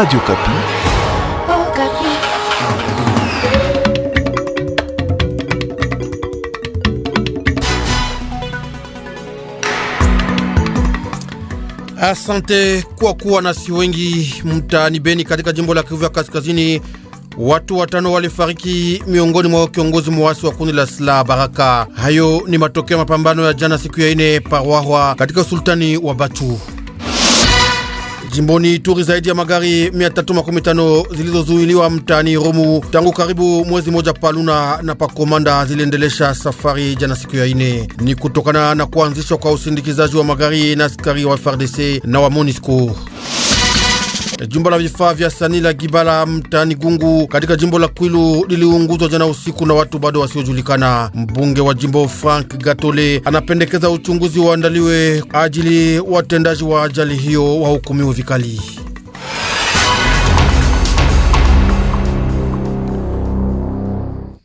Radio Kapi. Oh, Kapi. Asante kwa kuwa nasi wengi mtaani Beni katika jimbo la Kivu ya Kaskazini. Watu watano walifariki miongoni mwa kiongozi mwasi wa kundi la silaha Baraka. Hayo ni matokeo ya mapambano ya jana siku ya ine Parwahwa katika usultani wa Batu. Jimboni Ituri zaidi ya magari 315 zilizozuiliwa mtaani Rumu tangu karibu mwezi moja paluna na pakomanda ziliendelesha safari jana siku ya ine. Ni kutokana na kuanzishwa kwa usindikizaji wa magari na askari wa FARDC na wa MONUSCO. Jumba la vifaa vya sani la Gibala mtaani Gungu katika jimbo la Kwilu liliunguzwa jana usiku na watu bado wasiojulikana. Mbunge wa jimbo Frank Gatole anapendekeza uchunguzi uandaliwe ajili watendaji wa ajali hiyo wahukumiwe vikali.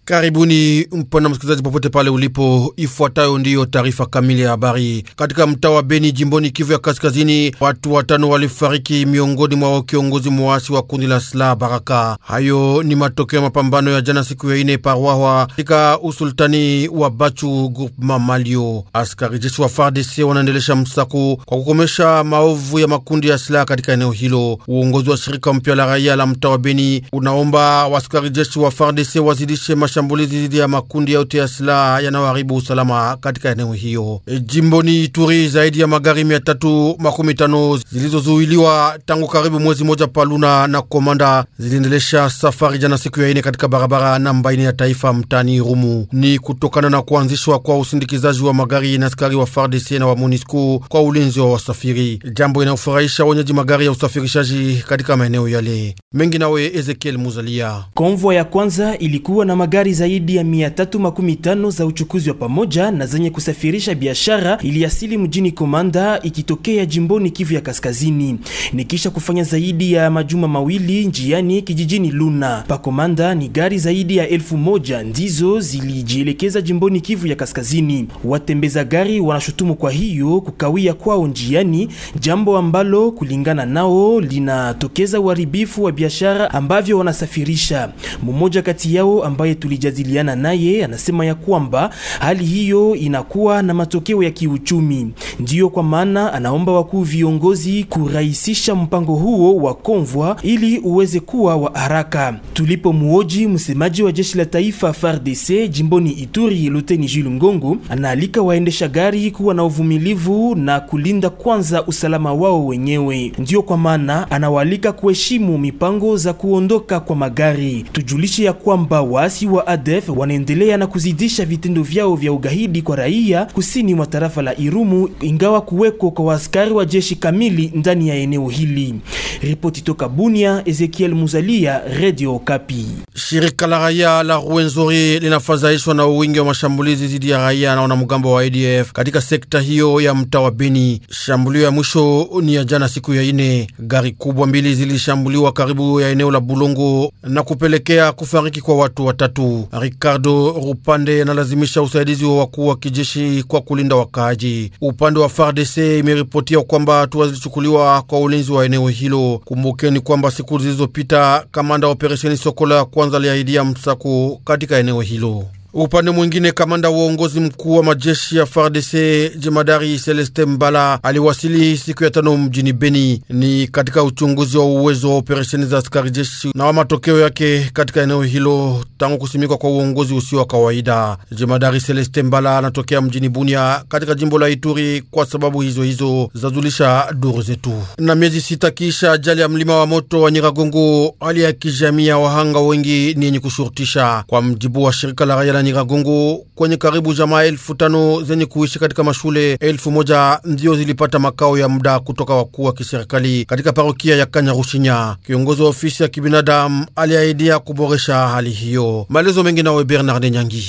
Karibuni mpana msikilizaji, popote pale ulipo, ifuatayo ndiyo taarifa kamili ya habari. Katika mtaa wa Beni jimboni Kivu ya Kaskazini, watu watano walifariki miongoni mwao kiongozi mwasi wa kundi la silaha Baraka. Hayo ni matokeo ya mapambano ya jana siku ya ine Parwahwa, katika usultani wa Bachu Grupma Malio. Askari jeshi wa FARDC wanaendelesha msako kwa kukomesha maovu ya makundi ya silaha katika eneo hilo. Uongozi wa shirika mpya la raia la mtaa wa Beni unaomba waskari jeshi wa FARDC wazidishe mashambulizi dhidi ya makundi yote ya silaha yanayoharibu usalama katika eneo hiyo. E, jimboni Ituri, zaidi ya magari mia tatu makumi tano zilizozuiliwa tangu karibu mwezi moja Paluna na Komanda ziliendelesha safari jana siku ya ine katika barabara namba ine ya taifa mtani Rumu. Ni kutokana na kuanzishwa kwa usindikizaji wa magari na askari wa FARDC na wa MONUSCO kwa ulinzi wa wasafiri, jambo inayofurahisha wenyeji magari ya usafirishaji katika maeneo yale mengi. Nawe Ezekiel Muzalia. Konvoi ya kwanza ilikuwa na magari magari zaidi ya 315 za uchukuzi wa pamoja na zenye kusafirisha biashara iliasili mjini Komanda ikitokea jimboni Kivu ya Kaskazini, nikisha kufanya zaidi ya majuma mawili njiani kijijini Luna pa Komanda. Ni gari zaidi ya elfu moja ndizo zilijielekeza jimboni Kivu ya Kaskazini. Watembeza gari wanashutumu kwa hiyo kukawia kwao njiani, jambo ambalo kulingana nao linatokeza uharibifu wa biashara ambavyo wanasafirisha. Mmoja kati yao ambaye tuli tulijadiliana naye anasema ya kwamba hali hiyo inakuwa na matokeo ya kiuchumi. Ndiyo kwa maana anaomba wakuu viongozi kurahisisha mpango huo wa konvwa ili uweze kuwa wa haraka. Tulipomuoji msemaji wa jeshi la taifa FARDC jimboni Ituri, Luteni Jules Ngongo, anaalika waendesha gari kuwa na uvumilivu na kulinda kwanza usalama wao wenyewe. Ndiyo kwa maana anawaalika kuheshimu mipango za kuondoka kwa magari. Tujulishe ya kwamba waasi wa ADF wanaendelea na kuzidisha vitendo vyao vya ugaidi kwa raia kusini mwa tarafa la Irumu, ingawa kuweko kwa askari wa jeshi kamili ndani ya eneo hili. Ripoti toka Bunia, Ezekiel Muzalia, Radio Kapi. Shirika la raia la Ruwenzori linafadhaishwa na uwingi wa mashambulizi dhidi ya raia na wanamgambo wa ADF katika sekta hiyo ya mtaa wa Beni. Shambulio ya mwisho ni ya jana siku ya ine. Gari kubwa mbili zilishambuliwa karibu ya eneo la Bulongo na kupelekea kufariki kwa watu watatu. Ricardo Rupande analazimisha usaidizi wa wakuu wa kijeshi kwa kulinda wakaaji. Upande wa FARDC imeripotia kwamba hatua zilichukuliwa kwa ulinzi wa eneo hilo. Kumbukeni kwamba siku zilizopita kamanda wa operesheni Sokola ya kwanza aliahidia msako katika eneo hilo. Upande mwingine, kamanda wa uongozi mkuu wa majeshi ya FARDC jemadari Celeste Mbala aliwasili siku ya tano mjini Beni, ni katika uchunguzi wa uwezo wa operesheni za askari jeshi na wa matokeo yake katika eneo hilo tangu kusimikwa kwa uongozi usio wa kawaida. Jemadari Celeste Mbala anatokea mjini Bunia katika jimbo la Ituri kwa sababu hizo hizo zazulisha duru zetu. Na miezi sita kisha ajali ya mlima wa moto wa Nyiragongo, hali ya kijamii ya wahanga wengi ni yenye kushurutisha, kwa mjibu wa shirika la raia Nyiragongo kwenye karibu jamaa elfu tano zenye kuishi katika mashule elfu moja ndiyo zilipata makao ya muda kutoka wakuu wa kiserikali katika parokia ya Kanyarushinya. Kiongozi wa ofisi ya kibinadamu aliahidia kuboresha hali hiyo. Maelezo mengi nawe Bernard Nyangi.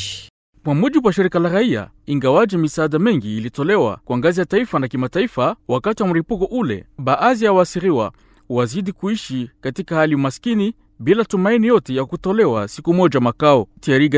Kwa mujibu wa shirika la raia, ingawaji misaada mengi ilitolewa kwa ngazi ya taifa na kimataifa wakati wa mripuko ule, baadhi ya waasiriwa wazidi kuishi katika hali umaskini bila tumaini yote ya kutolewa siku moja makao. Thierry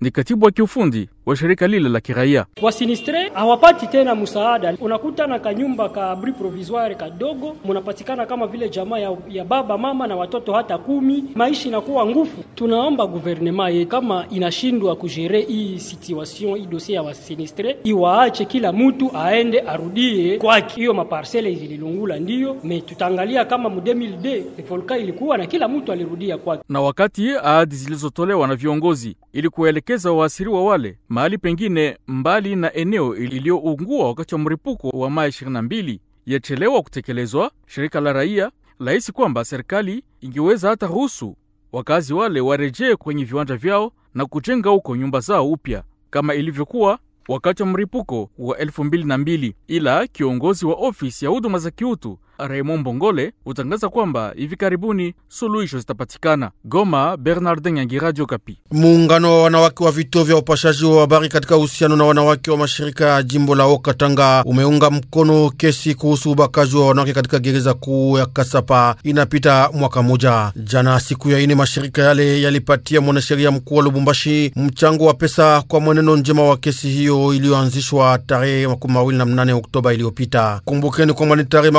ni katibu wa kiufundi wa shirika lile la kiraia. Wasinistre hawapati tena msaada, unakuta na kanyumba ka abri provisoire kadogo munapatikana kama vile jamaa ya, ya baba mama na watoto hata kumi. Maisha inakuwa ngufu. Tunaomba guvernema ye kama inashindwa kujere hii situation hii dosie ya wasinistre iwaache, kila mtu aende arudie kwake. Hiyo maparsele zililungula ndiyo me tutaangalia kama mu 2002 volka ilikuwa na kila mtu alirudia kwake, na wakati ahadi zilizotolewa na viongozi ili kuelekeza waasiriwa wale mahali pengine mbali na eneo iliyoungua wakati wa mripuko wa Mai 22 yachelewa kutekelezwa, shirika la raia lahisi kwamba serikali ingeweza hata ruhusu wakazi wale warejee kwenye viwanja vyao na kujenga huko nyumba zao upya kama ilivyokuwa wakati wa mripuko wa 2002. Ila kiongozi wa ofisi ya huduma za kiutu Raymond Bongole hutangaza kwamba hivi karibuni suluhisho zitapatikana. Goma, Bernardin Nyangi, Radio Kapi. Muungano wa wanawake wa vituo vya upashaji wa habari katika uhusiano na wanawake wa mashirika ya jimbo la Okatanga umeunga mkono kesi kuhusu ubakaji wa wanawake katika gereza kuu ya Kasapa inapita mwaka moja. Jana siku ya ine, mashirika yale yalipatia mwanasheria mkuu wa Lubumbashi mchango wa pesa kwa mwenendo njema wa kesi hiyo iliyoanzishwa tarehe 28 Oktoba iliyopita. Kumbukeni kwamba ni tarehe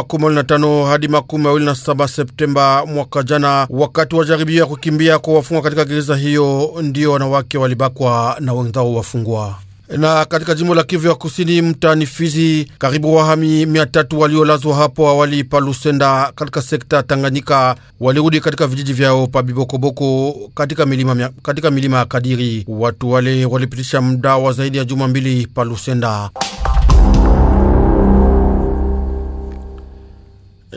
tano hadi makumi mawili na saba Septemba mwaka jana, wakati wa jaribio ya kukimbia kwa wafungwa katika gereza hiyo, ndiyo wanawake walibakwa na wenzao wafungwa na katika jimbo la Kivu ya Kusini, mtaani Fizi, karibu wahami mia tatu waliolazwa hapo awali pa Lusenda katika sekta Tanganyika walirudi katika vijiji vyao pa Bibokoboko katika milima, katika milima ya Kadiri. Watu wale walipitisha mda wa zaidi ya juma mbili pa Lusenda.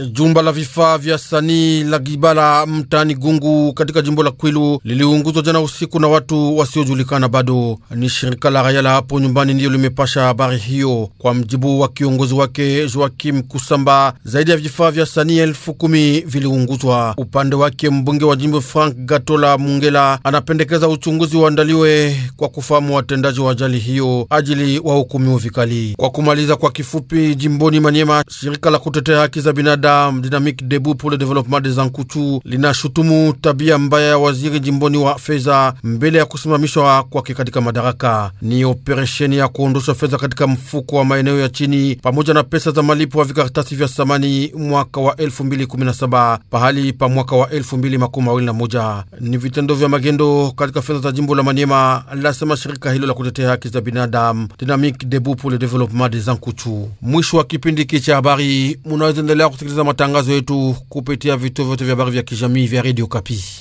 Jumba la vifaa vya sanii la Gibala mtaani Gungu katika jimbo la Kwilu liliunguzwa jana usiku na watu wasiojulikana bado. Ni shirika la raia la hapo nyumbani ndiyo limepasha habari hiyo. Kwa mjibu wa kiongozi wake Joakim Kusamba, zaidi ya vifaa vya sanii elfu kumi viliunguzwa. Upande wake mbunge wa jimbo Frank Gatola Mungela anapendekeza uchunguzi uandaliwe kwa kufahamu watendaji wa ajali hiyo ajili wahukumiwa vikali. Kwa kumaliza kwa kifupi, jimboni Maniema, shirika la kutetea haki za binadamu Rwanda Dynamique Debout pour le Développement des Ankutu linashutumu tabia mbaya ya waziri jimboni wa fedha mbele ya kusimamishwa kwake katika madaraka. Ni operesheni ya kuondosha fedha katika mfuko wa maeneo ya chini pamoja na pesa za malipo ya vikaratasi vya samani mwaka wa 2017 pahali pa mwaka wa 2021. Ni vitendo vya magendo katika fedha za jimbo la Maniema, lasema shirika hilo la kutetea haki za binadamu Dynamique Debout pour le Développement des Ankutu. Mwisho wa kipindi hiki cha habari, munaweza endelea kusikiliza kusikiliza matangazo yetu kupitia vituo vyote vya habari vya kijamii vya redio Kapi.